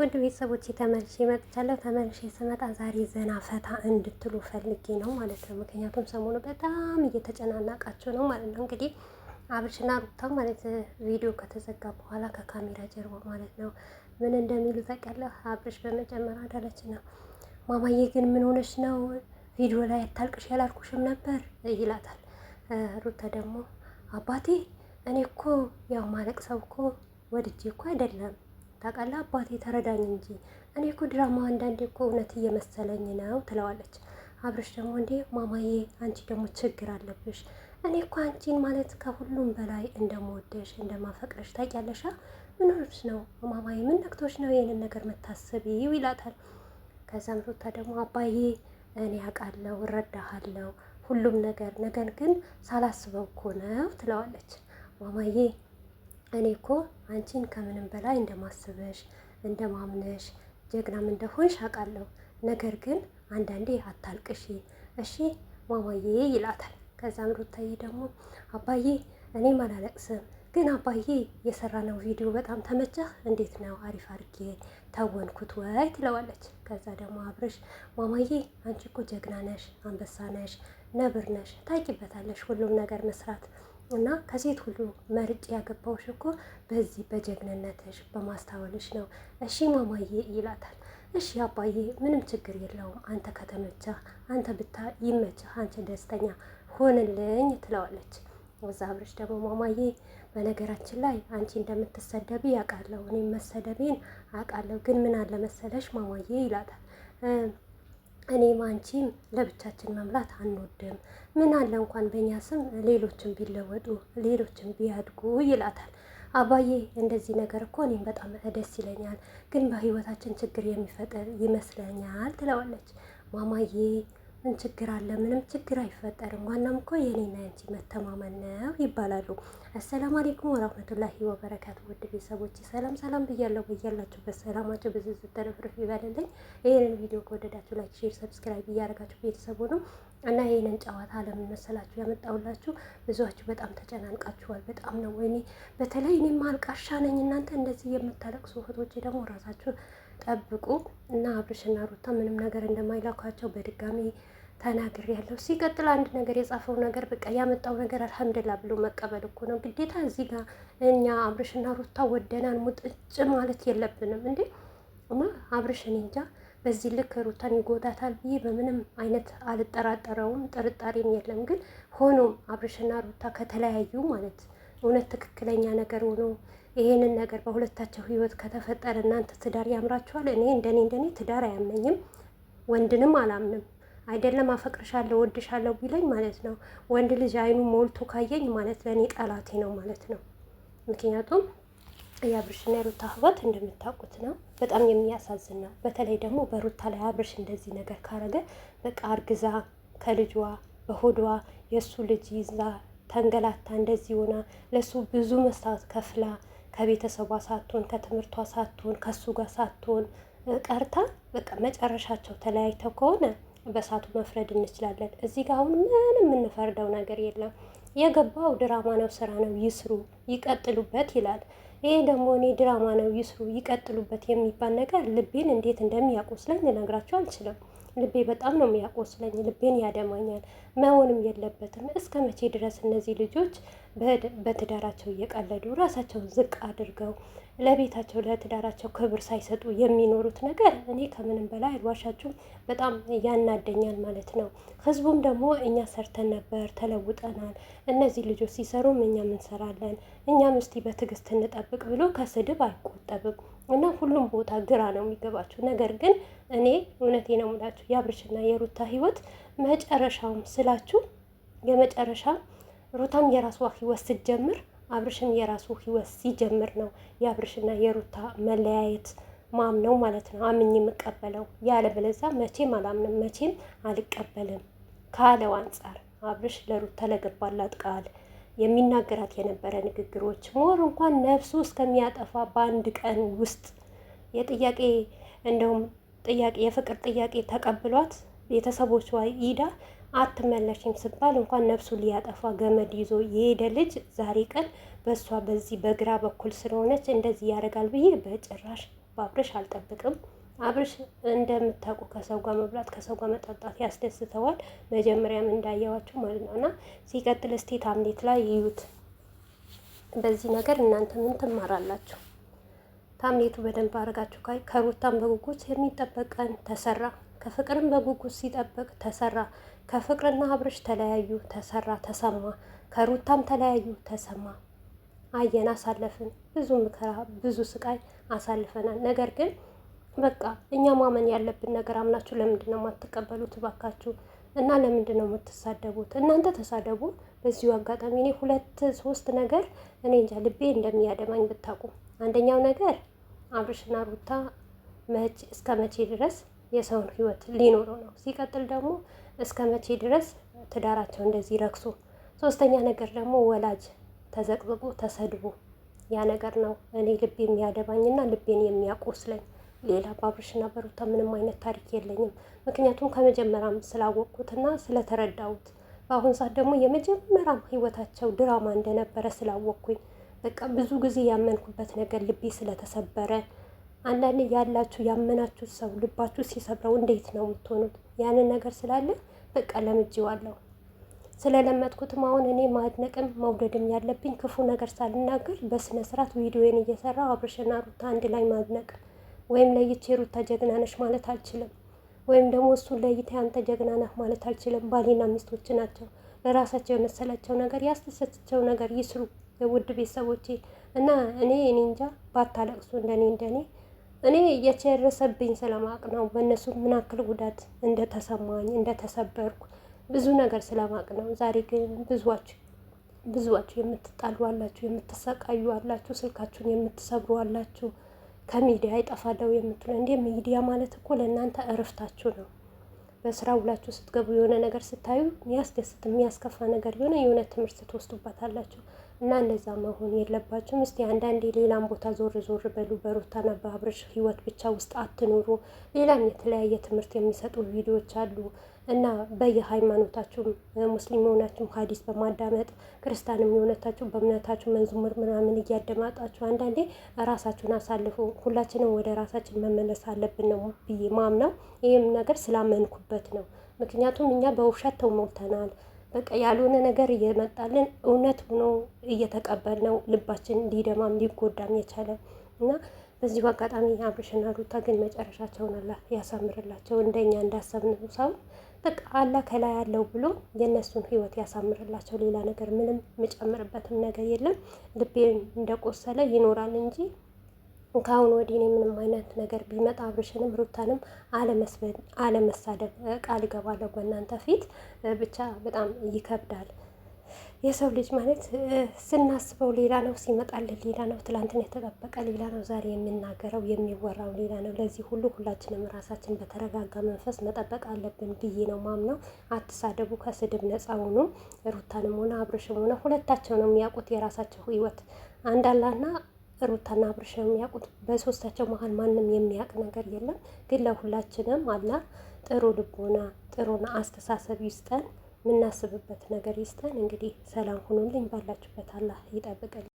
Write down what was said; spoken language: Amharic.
ውድ ቤተሰቦች ተመልሼ መጥቻለሁ። ተመልሼ ስመጣ ዛሬ ዘና ፈታ እንድትሉ ፈልጌ ነው ማለት ነው። ምክንያቱም ሰሞኑ በጣም እየተጨናናቃቸው ነው ማለት ነው። እንግዲህ አብርሽና ሩታ ማለት ቪዲዮ ከተዘጋ በኋላ ከካሜራ ጀርባ ማለት ነው ምን እንደሚሉ ታውቃለህ? አብርሽ በመጨመር አዳለች ነው ማማዬ ግን ምን ሆነች ነው ቪዲዮ ላይ አታልቅሽ ያላልኩሽም ነበር ይላታል። ሩታ ደግሞ አባቴ እኔ እኮ ያው ማለቅ ሰው እኮ ወድጄ እኮ አይደለም ታውቃለህ አባቴ ተረዳኝ እንጂ እኔ እኮ ድራማ አንዳንዴ እኮ እውነት እየመሰለኝ ነው ትለዋለች። አብረሽ ደግሞ እንዴ ማማዬ አንቺ ደግሞ ችግር አለብሽ። እኔ እኮ አንቺን ማለት ከሁሉም በላይ እንደመወደሽ እንደማፈቅረሽ ታውቂያለሽ። ምን ሆነሽ ነው ማማዬ? ምን ነክቶሽ ነው ይህንን ነገር መታሰቢው? ይላታል። ከዛም ሩታ ደግሞ አባዬ እኔ አውቃለሁ እረዳሃለሁ ሁሉም ነገር፣ ነገር ግን ሳላስበው እኮ ነው ትለዋለች። ማማዬ እኔ እኮ አንቺን ከምንም በላይ እንደማስበሽ እንደማምነሽ ጀግናም እንደሆንሽ አውቃለሁ። ነገር ግን አንዳንዴ አታልቅሺ እሺ ማማዬ ይላታል። ከዛም ሩታዬ ደግሞ አባዬ እኔም አላለቅስም፣ ግን አባዬ የሰራነው ቪዲዮ በጣም ተመቸህ? እንዴት ነው? አሪፍ አድርጌ ተወንኩት ወይ ትለዋለች። ከዛ ደግሞ አብርሽ ማማዬ አንቺ እኮ ጀግና ነሽ፣ አንበሳ ነሽ፣ ነብር ነሽ፣ ታውቂበታለሽ ሁሉም ነገር መስራት እና ከሴት ሁሉ መርጭ ያገባውሽ እኮ በዚህ በጀግንነትሽ በማስታወልሽ ነው። እሺ ማማዬ ይላታል። እሺ አባዬ ምንም ችግር የለውም፣ አንተ ከተመቸህ አንተ ብታ ይመችህ፣ አንቺ ደስተኛ ሆንልኝ ትለዋለች። እዛ አብረሽ ደግሞ ማማዬ፣ በነገራችን ላይ አንቺ እንደምትሰደቢ አውቃለሁ፣ እኔም መሰደቤን አውቃለሁ፣ ግን ምን አለ መሰለሽ ማማዬ ይላታል እኔም አንቺም ለብቻችን መምላት አንወድም። ምን አለ እንኳን በእኛ ስም ሌሎችን ቢለወጡ ሌሎችን ቢያድጉ ይላታል። አባዬ እንደዚህ ነገር እኮ እኔም በጣም ደስ ይለኛል፣ ግን በህይወታችን ችግር የሚፈጥር ይመስለኛል ትለዋለች ማማዬ ምን ችግር አለ? ምንም ችግር አይፈጠርም። ዋናም እኮ የኔና ያንቺ መተማመን ነው ይባላሉ። አሰላሙ አሌይኩም ወራህመቱላሂ ወበረካቱ። ውድ ቤተሰቦች ሰላም ሰላም ብያለሁ። በያላችሁ ሰላማችሁ ብዙ ዝተረፍርፍ ይበልልኝ። ይህንን ቪዲዮ ከወደዳችሁ ላይክ፣ ሼር፣ ሰብስክራይብ እያደረጋችሁ ቤተሰቡ ነው እና ይህንን ጨዋታ ለምን ያመጣውላችሁ ብዙዎቹ በጣም ተጨናንቃችኋል። በጣም ነው ወይኔ፣ በተለይ እኔም አልቃሻ ነኝ። እናንተ እንደዚህ የምታለቅሱ እህቶቼ ደግሞ ራሳችሁን ጠብቁ እና አብርሽና ሩታ ምንም ነገር እንደማይላኳቸው በድጋሚ ተናግር ያለው። ሲቀጥል አንድ ነገር የጻፈው ነገር በቃ ያመጣው ነገር አልሐምድላ ብሎ መቀበል እኮ ነው ግዴታ። እዚህ ጋር እኛ አብርሽና ሩታ ወደናን ሙጥጭ ማለት የለብንም እንዴ እማ አብርሽን እንጃ በዚህ ልክ ሩታን ይጎዳታል ብዬ በምንም አይነት አልጠራጠረውም፣ ጥርጣሬም የለም። ግን ሆኖም አብርሽና ሩታ ከተለያዩ ማለት እውነት ትክክለኛ ነገር ሆኖ ይሄንን ነገር በሁለታቸው ህይወት ከተፈጠረ እናንተ ትዳር ያምራችኋል። እኔ እንደኔ እንደኔ ትዳር አያመኝም፣ ወንድንም አላምንም። አይደለም አፈቅርሻለሁ ወድሻለሁ ቢለኝ ማለት ነው ወንድ ልጅ አይኑ ሞልቶ ካየኝ ማለት ለእኔ ጠላቴ ነው ማለት ነው። ምክንያቱም የአብርሽና የሩታ ህይወት እንደምታውቁት ነው፣ በጣም የሚያሳዝን ነው። በተለይ ደግሞ በሩታ ላይ አብርሽ እንደዚህ ነገር ካረገ በቃ አርግዛ ከልጇ በሆዷ የእሱ ልጅ ይዛ ተንገላታ እንደዚህ ሆና ለእሱ ብዙ መስታወት ከፍላ ከቤተሰቧ ሳትሆን ከትምህርቷ ሳትሆን ከሱ ጋር ሳትሆን ቀርታ በቃ መጨረሻቸው ተለያይተው ከሆነ በሳቱ መፍረድ እንችላለን። እዚህ ጋር አሁን ምንም የምንፈርደው ነገር የለም። የገባው ድራማ ነው፣ ስራ ነው፣ ይስሩ፣ ይቀጥሉበት ይላል። ይሄ ደግሞ እኔ ድራማ ነው፣ ይስሩ፣ ይቀጥሉበት የሚባል ነገር ልቤን እንዴት እንደሚያቆስለኝ ልነግራቸው አልችልም። ልቤ በጣም ነው የሚያቆስለኝ፣ ልቤን ያደማኛል። መሆንም የለበትም። እስከ መቼ ድረስ እነዚህ ልጆች በትዳራቸው እየቀለዱ ራሳቸውን ዝቅ አድርገው ለቤታቸው ለትዳራቸው ክብር ሳይሰጡ የሚኖሩት ነገር እኔ ከምንም በላይ አልዋሻችሁም በጣም ያናደኛል ማለት ነው። ህዝቡም ደግሞ እኛ ሰርተን ነበር ተለውጠናል፣ እነዚህ ልጆች ሲሰሩም እኛም እንሰራለን፣ እኛም እስቲ በትዕግስት እንጠብቅ ብሎ ከስድብ አይቆጠብም። እና ሁሉም ቦታ ግራ ነው የሚገባቸው። ነገር ግን እኔ እውነቴ ነው የምላችሁ የአብርሽና የሩታ ህይወት መጨረሻውም ስላችሁ የመጨረሻ ሩታም የራሷ ህይወት ስትጀምር አብርሽም የራሱ ህይወት ሲጀምር ነው የአብርሽና የሩታ መለያየት ማምነው ማለት ነው አምኝ የምቀበለው ያለ በለዛ መቼም አላምንም መቼም አልቀበልም ካለው አንጻር አብርሽ ለሩታ ለገባላት ቃል የሚናገራት የነበረ ንግግሮች ሞር እንኳን ነፍሱ እስከሚያጠፋ በአንድ ቀን ውስጥ የጥያቄ እንደውም ጥያቄ የፍቅር ጥያቄ ተቀብሏት ቤተሰቦቿ ሂዳ አትመለሽም ስባል እንኳን ነፍሱ ሊያጠፋ ገመድ ይዞ የሄደ ልጅ ዛሬ ቀን በእሷ በዚህ በግራ በኩል ስለሆነች እንደዚህ ያደርጋል ብዬ በጭራሽ ባብረሽ አልጠብቅም። አብርሽ እንደምታውቁ ከሰው ጋር መብላት ከሰው ጋር መጠጣት ያስደስተዋል። መጀመሪያም እንዳየዋቸው ማለት ነው እና ሲቀጥል እስቲ ታምሌት ላይ ይዩት። በዚህ ነገር እናንተ ምን ትማራላችሁ? ታምሌቱ በደንብ አድርጋችሁ ካይ ከሩታም በጉጉት የሚጠበቀን ተሰራ፣ ከፍቅርም በጉጉት ሲጠበቅ ተሰራ፣ ከፍቅርና አብርሽ ተለያዩ ተሰራ፣ ተሰማ፣ ከሩታም ተለያዩ ተሰማ። አየን፣ አሳለፍን ብዙ ምከራ ብዙ ስቃይ አሳልፈናል። ነገር ግን በቃ እኛ ማመን ያለብን ነገር አምናችሁ ለምንድን ነው የማትቀበሉት? እባካችሁ እና ለምንድን ነው የምትሳደቡት? እናንተ ተሳደቡ። በዚሁ አጋጣሚ እኔ ሁለት ሶስት ነገር እኔ እንጃ ልቤ እንደሚያደማኝ ብታውቁ። አንደኛው ነገር አብርሽና ሩታ መች እስከ መቼ ድረስ የሰውን ህይወት ሊኖረው ነው? ሲቀጥል ደግሞ እስከ መቼ ድረስ ትዳራቸው እንደዚህ ረክሶ? ሶስተኛ ነገር ደግሞ ወላጅ ተዘቅዝቆ ተሰድቦ ያ ነገር ነው እኔ ልቤ የሚያደባኝና ልቤን የሚያቆስለኝ። ሌላ በአብርሽና በሩታ ምንም አይነት ታሪክ የለኝም። ምክንያቱም ከመጀመሪያም ስላወቅኩትና ስለተረዳሁት በአሁን ሰዓት ደግሞ የመጀመሪያም ህይወታቸው ድራማ እንደነበረ ስላወቅኩኝ በቃ ብዙ ጊዜ ያመንኩበት ነገር ልቤ ስለተሰበረ አንዳንድ ያላችሁ ያመናችሁ ሰው ልባችሁ ሲሰብረው እንዴት ነው የምትሆኑት? ያንን ነገር ስላለ በቃ ለምጄዋለሁ። ስለለመጥኩትም አሁን እኔ ማድነቅም መውደድም ያለብኝ ክፉ ነገር ሳልናገር በስነ ስርዓት ቪዲዮን እየሰራ አብርሽና ሩታ አንድ ላይ ማድነቅ ወይም ለይቼ ሩታ ጀግና ነሽ ማለት አልችልም። ወይም ደግሞ እሱን ለይቴ አንተ ጀግና ነህ ማለት አልችልም። ባሌና ሚስቶች ናቸው። ለራሳቸው የመሰላቸው ነገር ያስደሰተቸው ነገር ይስሩ። የውድ ቤተሰቦቼ እና እኔ እኔ እንጃ ባታለቅሱ እንደኔ እንደኔ እኔ የቸረሰብኝ ስለማቅ ነው። በእነሱ ምን ያክል ጉዳት እንደተሰማኝ እንደተሰበርኩ ብዙ ነገር ስለማቅ ነው። ዛሬ ግን ብዙዋችሁ ብዙዋችሁ የምትጣሉ አላችሁ፣ የምትሰቃዩ አላችሁ፣ ስልካችሁን የምትሰብሩ አላችሁ። ከሚዲያ ይጠፋለሁ የምትሉ እንዴ? ሚዲያ ማለት እኮ ለእናንተ እርፍታችሁ ነው። በስራ ውላችሁ ስትገቡ የሆነ ነገር ስታዩ የሚያስደስት የሚያስከፋ ነገር የሆነ የሆነ ትምህርት ስትወስዱባታላችሁ እና እንደዛ መሆን የለባችሁም። እስቲ አንዳንዴ ሌላም ቦታ ዞር ዞር በሉ። በሩታና በአብርሽ ህይወት ብቻ ውስጥ አትኑሩ። ሌላም የተለያየ ትምህርት የሚሰጡ ቪዲዮዎች አሉ። እና በየሃይማኖታችሁም ሙስሊም የሆናችሁም ሀዲስ በማዳመጥ ክርስቲያንም የሆነታችሁ በእምነታችሁ መዝሙር ምናምን እያደማጣችሁ አንዳንዴ ራሳችሁን አሳልፉ። ሁላችንም ወደ ራሳችን መመለስ አለብን ነው ብዬ ማምነው። ይህም ነገር ስላመንኩበት ነው። ምክንያቱም እኛ በውሸት ተሞልተናል። በቃ ያልሆነ ነገር እየመጣልን እውነት ሆኖ እየተቀበልነው ልባችን ሊደማም ሊጎዳም የቻለ እና በዚሁ አጋጣሚ አብርሽና ሩታ ግን መጨረሻቸውን አላህ ያሳምርላቸው። እንደኛ እንዳሰብነው ሰው በቃ አላህ ከላይ ያለው ብሎ የእነሱን ህይወት ያሳምርላቸው። ሌላ ነገር ምንም የምጨምርበትም ነገር የለም። ልቤ እንደቆሰለ ይኖራል እንጂ ከአሁን ወዲህ እኔ ምንም አይነት ነገር ቢመጣ አብርሽንም ሩታንም አለመሳደብ ቃል እገባለሁ በእናንተ ፊት ብቻ በጣም ይከብዳል። የሰው ልጅ ማለት ስናስበው ሌላ ነው፣ ሲመጣልን ሌላ ነው። ትላንትን የተጠበቀ ሌላ ነው። ዛሬ የሚናገረው የሚወራው ሌላ ነው። ለዚህ ሁሉ ሁላችንም ራሳችን በተረጋጋ መንፈስ መጠበቅ አለብን ብዬ ነው ማምነው። አትሳደቡ፣ ከስድብ ነፃ ሁኑ። ሩታንም ሆነ አብርሽም ሆነ ሁለታቸው ነው የሚያውቁት የራሳቸው ህይወት አንዳላና ሩታና አብርሽ የሚያውቁት በሶስታቸው መሀል ማንም የሚያውቅ ነገር የለም። ግን ለሁላችንም አላ ጥሩ ልቦና ጥሩን አስተሳሰብ ይስጠን። የምናስብበት ነገር ይስጠን። እንግዲህ ሰላም ሁኑልኝ። ባላችሁበት አላህ ይጠብቅልኝ።